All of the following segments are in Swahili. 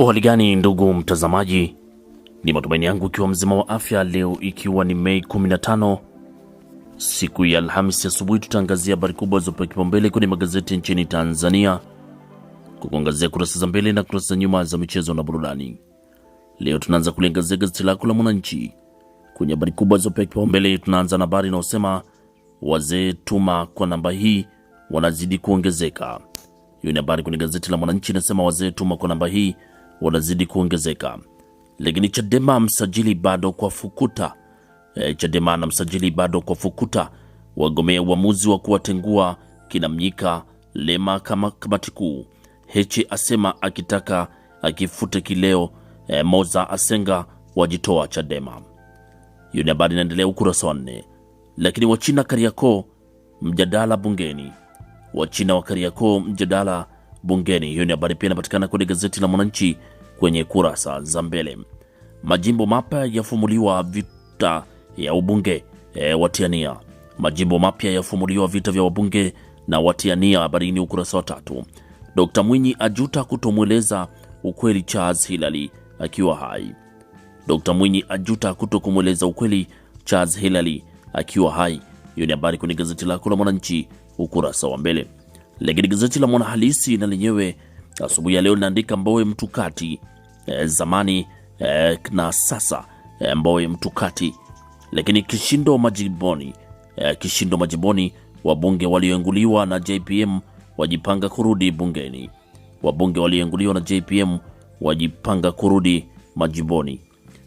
Uhali gani ndugu mtazamaji, ni matumaini yangu ikiwa mzima wa afya. Leo ikiwa ni Mei 15 siku ya Alhamisi asubuhi, tutaangazia habari kubwa zilizopewa kipaumbele kwenye magazeti nchini Tanzania, kukuangazia kurasa za mbele na kurasa za nyuma za michezo na burudani. Leo tunaanza kuliangazia gazeti lako la Mwananchi kwenye habari kubwa zilizopewa kipaumbele. Tunaanza na habari inayosema wazee tuma kwa namba hii wanazidi kuongezeka. Hiyo ni habari kwenye gazeti la Mwananchi inasema wazee tuma kwa namba hii wanazidi kuongezeka, lakini Chadema msajili bado kwa fukuta. E, Chadema na msajili bado kwa fukuta, wagomea uamuzi wa kuwatengua Kinamnyika Lema kama kamati kuu. Heche asema akitaka akifute kileo. E, Moza asenga wajitoa Chadema. Hiyo ni habari inaendelea ukurasa wa nne. Lakini Wachina Kariakoo mjadala bungeni. Wachina wa Kariakoo mjadala bungeni. Hiyo ni habari pia inapatikana kwenye gazeti la Mwananchi kwenye kurasa za mbele. Majimbo mapya yafumuliwa vita ya ubunge e, watiania. Majimbo mapya yafumuliwa vita vya wabunge na watiania, habari ni ukurasa wa tatu. Dkt Mwinyi ajuta kutomweleza ukweli Charles Hilary akiwa hai. Dkt Mwinyi ajuta kutokumweleza ukweli Charles Hilary akiwa hai. Hiyo ni habari kwenye gazeti lako la Mwananchi ukurasa wa mbele. Lakini gazeti la Mwanahalisi na lenyewe asubuhi ya leo linaandika Mbowe mtukati e, zamani e, na sasa e, Mbowe mtukati. Lakini kishindo majiboni e, kishindo majiboni, wabunge walioenguliwa na JPM wajipanga kurudi bungeni. Wabunge walioenguliwa na JPM wajipanga kurudi majiboni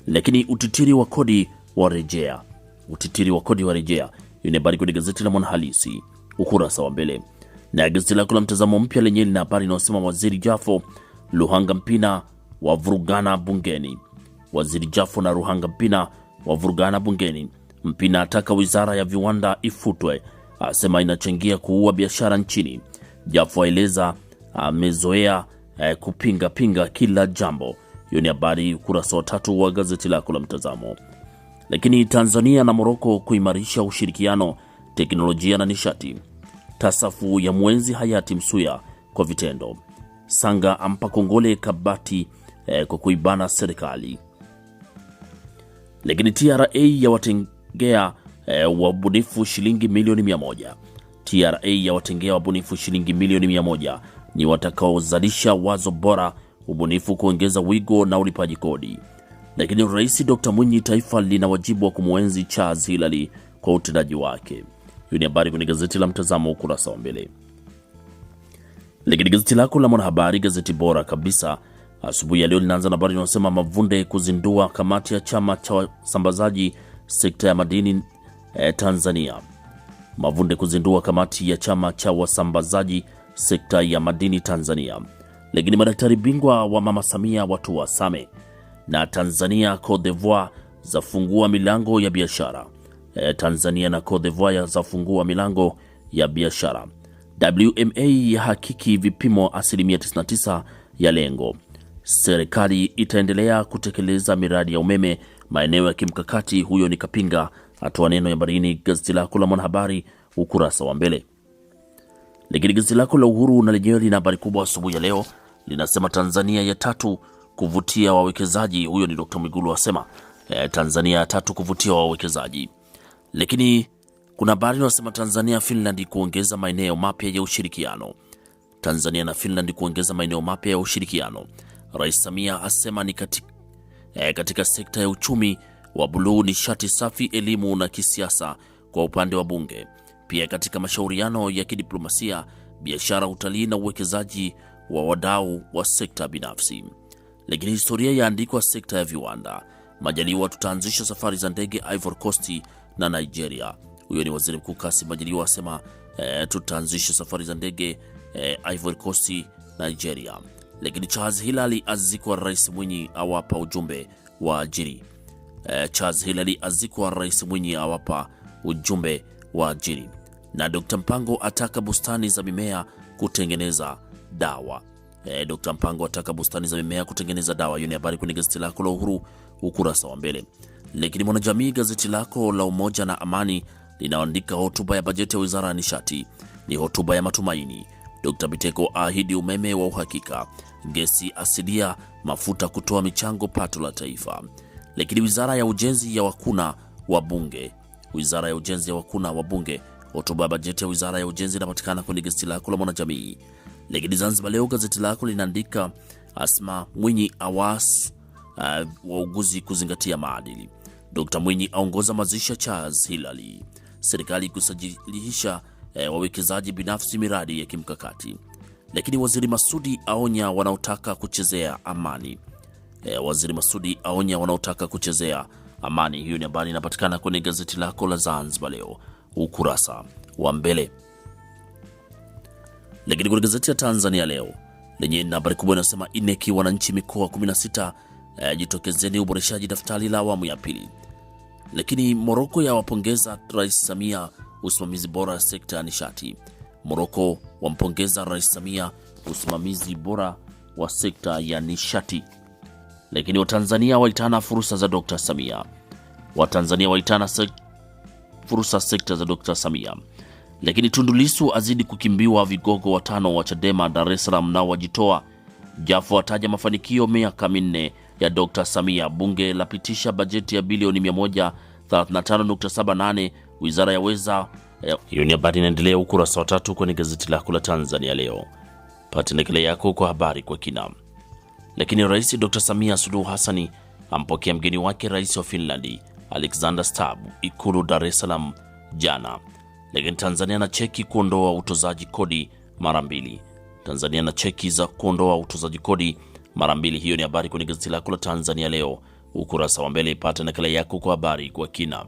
Lakini utitiri wa kodi rejea, utitiri wa kodi wa rejea, ni kwenye gazeti la Mwanahalisi ukurasa wa mbele. Na gazeti lako la Mtazamo Mpya lenyewe lina habari inayosema waziri Jafo Luhanga Mpina wavurugana bungeni. Waziri Jafo na Ruhanga Mpina wavurugana bungeni. Mpina ataka wizara ya viwanda ifutwe, asema inachangia kuua biashara nchini. Jafo aeleza amezoea eh, kupinga pinga kila jambo. Hiyo ni habari ukurasa wa tatu wa gazeti lako la Mtazamo. Lakini Tanzania na Moroko kuimarisha ushirikiano teknolojia na nishati tasafu ya mwenzi hayati Msuya kwa vitendo. Sanga ampa kongole Kabati eh, kwa kuibana serikali. Lakini TRA yawatengea eh, wabunifu shilingi milioni mia moja. TRA yawatengea wabunifu shilingi milioni mia moja ni watakaozalisha wazo bora, ubunifu, kuongeza wigo na ulipaji kodi. Lakini Rais Dr Mwinyi, taifa lina wajibu wa kumwenzi Charles hilali kwa utendaji wake. Hiyo ni habari kwenye gazeti la Mtazamo ukurasa wa mbele. Lakini gazeti lako la Mwanahabari, gazeti bora kabisa asubuhi ya leo, linaanza na habari inayosema Mavunde kuzindua kamati ya chama cha wasambazaji sekta ya madini eh, Tanzania. Mavunde kuzindua kamati ya chama cha wasambazaji sekta ya madini Tanzania. Lakini madaktari bingwa wa mama Samia watu wasame na Tanzania Cote d'Ivoire zafungua milango ya biashara. Eh, Tanzania na Cote d'Ivoire zafungua milango ya biashara. WMA ya hakiki vipimo asilimia 99 ya lengo. Serikali itaendelea kutekeleza miradi ya umeme maeneo ya kimkakati. Huyo ni Kapinga atoa neno ya barini, gazeti lako la Mwanahabari ukurasa wa mbele. Lakini gazeti lako la Uhuru na lenyewe lina habari kubwa asubuhi ya leo, linasema Tanzania ya tatu kuvutia wawekezaji. Huyo ni Dr. Migulu asema e, Tanzania ya tatu kuvutia wawekezaji. Lakini kuna habari inasema Tanzania Finland kuongeza maeneo mapya ya ushirikiano. Tanzania na Finland kuongeza maeneo mapya ya ushirikiano. Rais Samia asema ni katika, eh, katika sekta ya uchumi wa buluu, nishati safi, elimu na kisiasa kwa upande wa bunge. Pia katika mashauriano ya kidiplomasia, biashara, utalii na uwekezaji wa wadau wa sekta binafsi. Lakini historia yaandikwa sekta ya viwanda. Majaliwa, tutaanzisha safari za ndege Ivory Coast na Nigeria. Huyo ni waziri mkuu Kassim Majaliwa asema e, tutaanzisha safari za ndege e, Ivory Coast, Nigeria. Lakini Charles Hilali azikwa, Rais Mwinyi awapa ujumbe wa ajiri. E, Charles Hilali azikwa, Rais Mwinyi awapa ujumbe wa ajiri. Na Dr. Mpango ataka bustani za mimea kutengeneza dawa. E, Dr. Mpango ataka bustani za mimea kutengeneza dawa. Hiyo ni habari kwenye gazeti lako la Uhuru ukurasa wa mbele. Lakini Mwanajamii, gazeti lako la Umoja na Amani, linaandika hotuba ya bajeti ya wizara ya nishati ni hotuba ya matumaini. Dr Biteko aahidi umeme wa uhakika, gesi asilia, mafuta kutoa michango pato la taifa. Lakini wizara ya ujenzi ya wakuna wa bunge, wizara ya ujenzi ya wakuna wa bunge, hotuba ya bajeti ya wizara ya ujenzi inapatikana kwenye gazeti lako la Mwanajamii. Lakini Zanzibar Leo, gazeti lako linaandika Asma Mwinyi awas uh, wauguzi kuzingatia maadili. Dkt Mwinyi aongoza mazishi ya Charles Hilali. Serikali kusajilisha eh, wawekezaji binafsi miradi ya kimkakati, lakini waziri Masudi aonya wanaotaka kuchezea amani. Eh, waziri Masudi aonya wanaotaka kuchezea amani. Hiyo ni habari inapatikana kwenye gazeti lako la Zanzibar Leo ukurasa wa mbele. Lakini kwenye gazeti ya Tanzania Leo lenye habari kubwa inasema, ineki wananchi mikoa 16 eh, jitokezeni uboreshaji daftari la awamu ya pili. Lakini Moroko yawapongeza Rais Samia usimamizi bora sekta ya nishati. Moroko wampongeza Rais Samia usimamizi bora wa sekta ya nishati. Lakini Watanzania waitana fursa za Dr. Samia. Watanzania waitana sek fursa sekta za Dr. Samia. Lakini Tundu Lissu azidi kukimbiwa, vigogo watano wa Chadema Dar es Salaam nao wajitoa. Jafo ataja mafanikio miaka minne ya Dr. Samia. Bunge lapitisha bajeti ya bilioni 135.78 wizara ya weza. Hiyo ni habari inaendelea ukurasa wa tatu kwenye gazeti lako la Tanzania Leo. Pata nakala yako kwa habari kwa kina. Lakini Rais Dr. Samia Suluhu Hassani ampokea mgeni wake Rais wa Finlandi Alexander Stubb Ikulu Dar es Salaam jana. Lakini Tanzania na Cheki kuondoa utozaji kodi mara mbili. Tanzania na Cheki za kuondoa utozaji kodi mara mbili. Hiyo ni habari kwenye gazeti lako la Tanzania Leo ukurasa wa mbele, ipata nakala yako kwa habari kwa kina.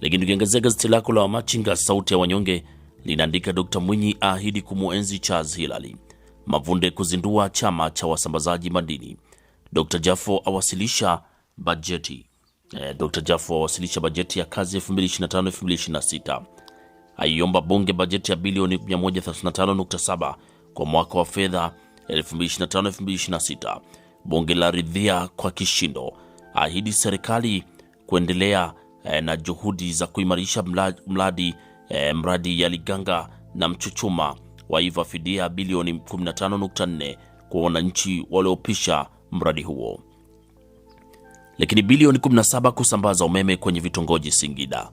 Lakini tukiangazia gazeti lako la Wamachinga sauti ya wanyonge linaandika Dr. Mwinyi ahidi kumwenzi Charles Hilali, Mavunde kuzindua chama cha wasambazaji madini, Dr. Jafo awasilisha bajeti eh, Dr. Jafo awasilisha bajeti ya kazi 2025-2026 aiomba bunge bajeti ya bilioni 135.7 kwa mwaka wa fedha 2025-2026. Bunge la ridhia kwa kishindo, ahidi serikali kuendelea eh, na juhudi za kuimarisha mradi eh, mradi ya Liganga na Mchuchuma, waiva fidia bilioni 15.4 kwa wananchi waliopisha mradi huo, lakini bilioni 17 kusambaza umeme kwenye vitongoji Singida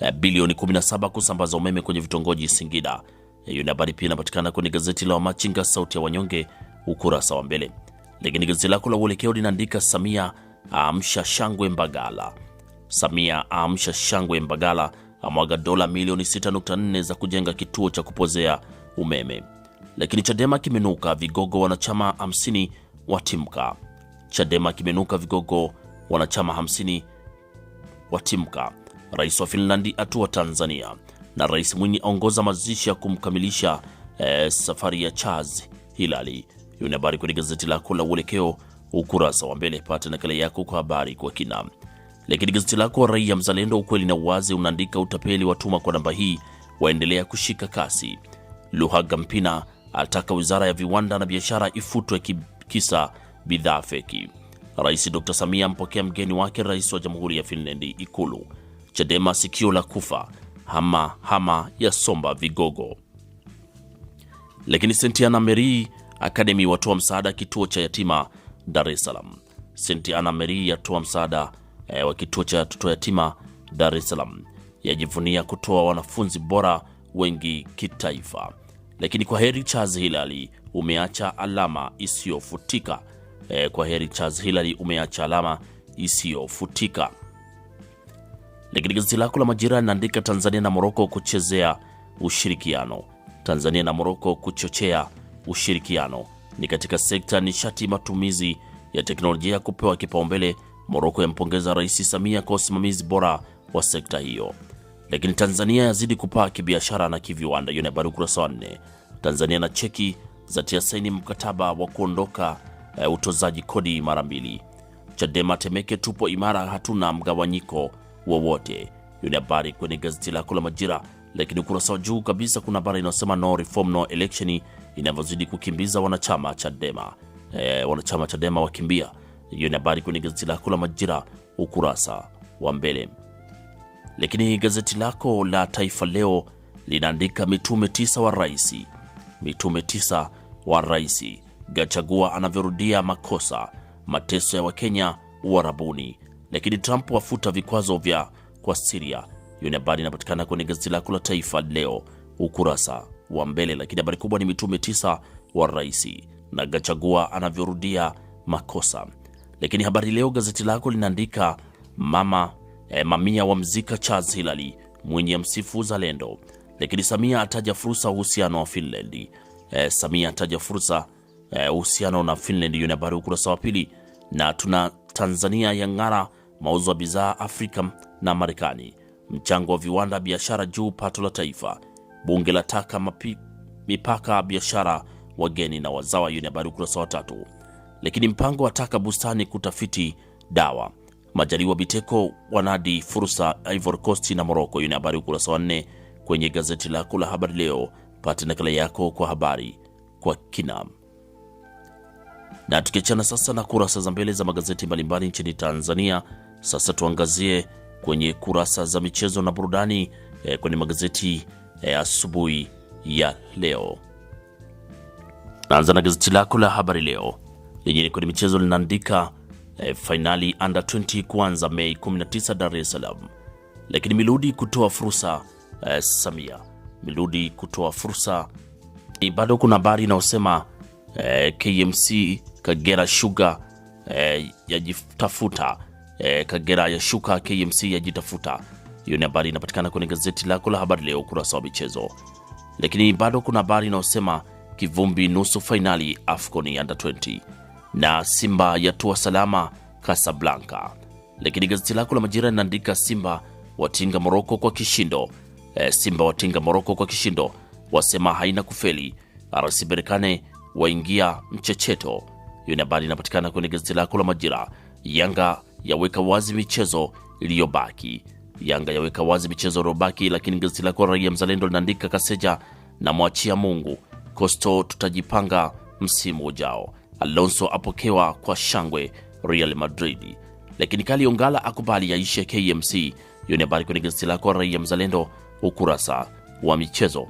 eh, bilioni 17 kusambaza umeme kwenye vitongoji Singida. Hiyo habari pia inapatikana kwenye gazeti la Wamachinga sauti ya wanyonge ukurasa wa mbele. Lakini gazeti lako la Uelekeo linaandika Samia aamsha shangwe Mbagala. Samia aamsha shangwe Mbagala, amwaga dola milioni 6.4 za kujenga kituo cha kupozea umeme. Lakini Chadema kimenuka vigogo wanachama 50 watimka. Chadema kimenuka vigogo wanachama 50 watimka. Rais wa Finlandi atua Tanzania na Rais Mwinyi aongoza mazishi ya kumkamilisha eh, safari ya Charles Hilali. Hiyo ni habari kwenye gazeti lako la Uelekeo ukurasa wa mbele, pata nakala yako kwa habari kwa kina. Lakini gazeti lako Raia Mzalendo, ukweli na uwazi, unaandika utapeli watuma kwa namba hii waendelea kushika kasi. Luhaga Mpina ataka wizara ya viwanda na biashara ifutwe kisa bidhaa feki. Rais Dr Samia ampokea mgeni wake rais wa jamhuri ya Finlandi Ikulu. Chadema sikio la kufa hama hama ya somba vigogo. Lakini Sentiana Meri Academy watoa msaada kituo cha yatima Dar es Salaam. Sentiana Meri yatoa msaada e, wa kituo cha watoto yatima Dar es Salaam, yajivunia kutoa wanafunzi bora wengi kitaifa. Lakini kwa heri Charles Hilali umeacha alama isiyofutika. E, kwa heri Charles Hilali umeacha alama isiyofutika. Lakini gazeti lako la Majira linaandika Tanzania na Moroko kuchezea ushirikiano. Tanzania na Moroko kuchochea ushirikiano ni katika sekta nishati, matumizi ya teknolojia kupewa kipaumbele. Moroko yampongeza Rais Samia kwa usimamizi bora wa sekta hiyo. Lakini Tanzania yazidi kupaa kibiashara na kiviwanda. Hiyo ni habari ukurasa wa nne. Tanzania na Cheki zatia saini mkataba wa kuondoka uh, utozaji kodi mara mbili. Chadema Temeke, tupo imara, hatuna mgawanyiko wowote. Hiyo ni habari kwenye gazeti lako la Majira, lakini ukurasa wa juu kabisa kuna habari inayosema no reform no election inavyozidi kukimbiza wanachama Chadema. E, wanachama Chadema wakimbia. Hiyo ni habari kwenye gazeti lako la Majira ukurasa wa mbele. Lakini gazeti lako la Taifa Leo linaandika mitume tisa wa rais, mitume tisa wa rais, Gachagua anavyorudia makosa, mateso ya Wakenya Uarabuni lakini Trump wafuta vikwazo vya kwa Siria. Hiyo ni habari inapatikana kwenye gazeti lako la Taifa Leo ukurasa wa mbele, lakini habari kubwa ni mitume tisa wa rais na Gachagua anavyorudia makosa. Lakini habari leo gazeti lako linaandika mama eh, mamia wa mzika Charles Hilary mwenye msifu uzalendo. Lakini Samia ataja fursa uhusiano wa Finland. Eh, Samia ataja fursa eh, uhusiano na Finland. Hiyo ni habari ukurasa wa pili, na tuna Tanzania yang'ara mauzo ya bidhaa Afrika na Marekani, mchango wa viwanda biashara juu pato la taifa, bunge la taka mapi, mipaka biashara wageni na wazawa. Hiyo ni habari ukurasa wa tatu. Lakini mpango wa taka bustani kutafiti dawa, Majaliwa Biteko wanadi fursa Ivory Coast na Morocco. Hiyo ni habari ukurasa wa nne kwenye gazeti lako la habari leo. Pate nakala yako kwa habari kwa kina. Na tukiachana sasa na kurasa za mbele za magazeti mbalimbali nchini Tanzania sasa tuangazie kwenye kurasa za michezo na burudani eh, kwenye magazeti eh, asubuhi ya leo. Naanza na gazeti lako la Habari Leo lenye kwenye michezo linaandika eh, fainali under 20 kuanza Mei 19 Dar es Salaam, lakini Miludi kutoa fursa eh, Samia Miludi kutoa fursa eh, bado kuna habari inayosema eh, KMC Kagera Sugar eh, yajitafuta e, Kagera shuka KMC yajitafuta. Hiyo ni habari inapatikana kwenye gazeti lako la Habari Leo ukurasa wa michezo, lakini bado kuna habari inayosema kivumbi nusu fainali AFCON under 20 na Simba yatua salama Casablanca. Lakini gazeti lako la Majira linaandika Simba watinga Moroko kwa kishindo e, Simba watinga Moroko kwa kishindo, wasema haina kufeli. RS Berkane waingia mchecheto. Hiyo ni habari inapatikana kwenye gazeti lako la Majira. Yanga yaweka wazi michezo iliyobaki. Yanga yaweka wazi michezo iliyobaki, lakini gazeti lako Raia Mzalendo linaandika Kaseja na mwachia Mungu, kosto tutajipanga msimu ujao, Alonso apokewa kwa shangwe Real Madrid, lakini Kali Ongala akubali yaishe KMC. Hiyo ni habari kwenye gazeti lako Raia Mzalendo ukurasa wa michezo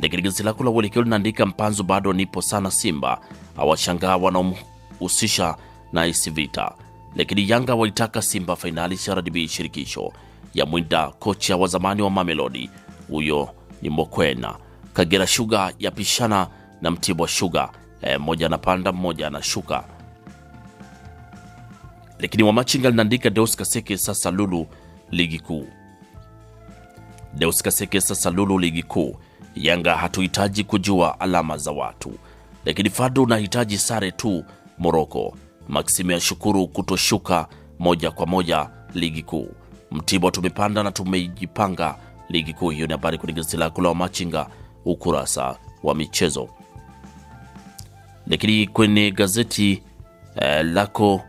lakini gazeti lako la Uelekeo linaandika Mpanzu bado nipo sana Simba awashangaa wanaomhusisha na isi vita lakini Yanga waitaka Simba fainali CRDB shirikisho ya mwinda kocha wa zamani wa Mamelodi, huyo ni Mokwena. Kagera Sugar yapishana na Mtibwa Sugar, e, mmoja anapanda mmoja anashuka. Lakini Wamachinga linaandika Deus Kaseke sasa lulu ligi kuu, Deus Kaseke sasa lulu ligi kuu. Yanga hatuhitaji kujua alama za watu, lakini Fado unahitaji sare tu Moroko Maxime yashukuru kutoshuka moja kwa moja ligi kuu. Mtibwa tumepanda na tumejipanga ligi kuu. Hiyo ni habari kwenye gazeti lako la Wamachinga ukurasa wa michezo. Lakini kwenye gazeti eh, lako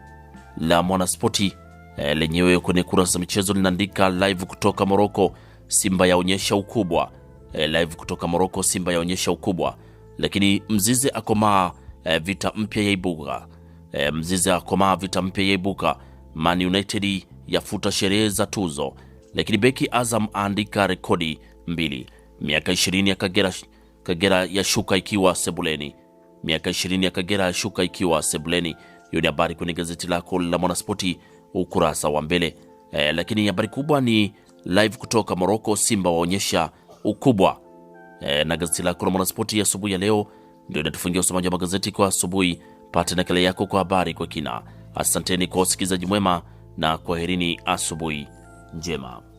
la Mwanaspoti eh, lenyewe kwenye kurasa za michezo linaandika live kutoka Moroko, Simba yaonyesha ukubwa eh, live kutoka Moroko, Simba yaonyesha ukubwa. Lakini Mzize akomaa eh, vita mpya ya ibuga E, mzizi ya komaa vita mpya yaibuka. Man United yafuta sherehe za tuzo, lakini beki Azam aandika rekodi mbili. Miaka 20 ya Kagera, Kagera ya shuka ikiwa sebuleni. Miaka 20 ya Kagera shuka ikiwa sebuleni. Hiyo ni habari kwenye gazeti lako la Mwanaspoti ukurasa wa mbele. E, lakini habari kubwa ni live kutoka Moroko, Simba waonyesha ukubwa. E, na gazeti lako la Mwanaspoti asubuhi ya, ya leo ndio inatufungia usomaji wa magazeti kwa asubuhi pata nakala yako kwa habari kwa kina. Asanteni kwa usikilizaji mwema na kwaherini, asubuhi njema.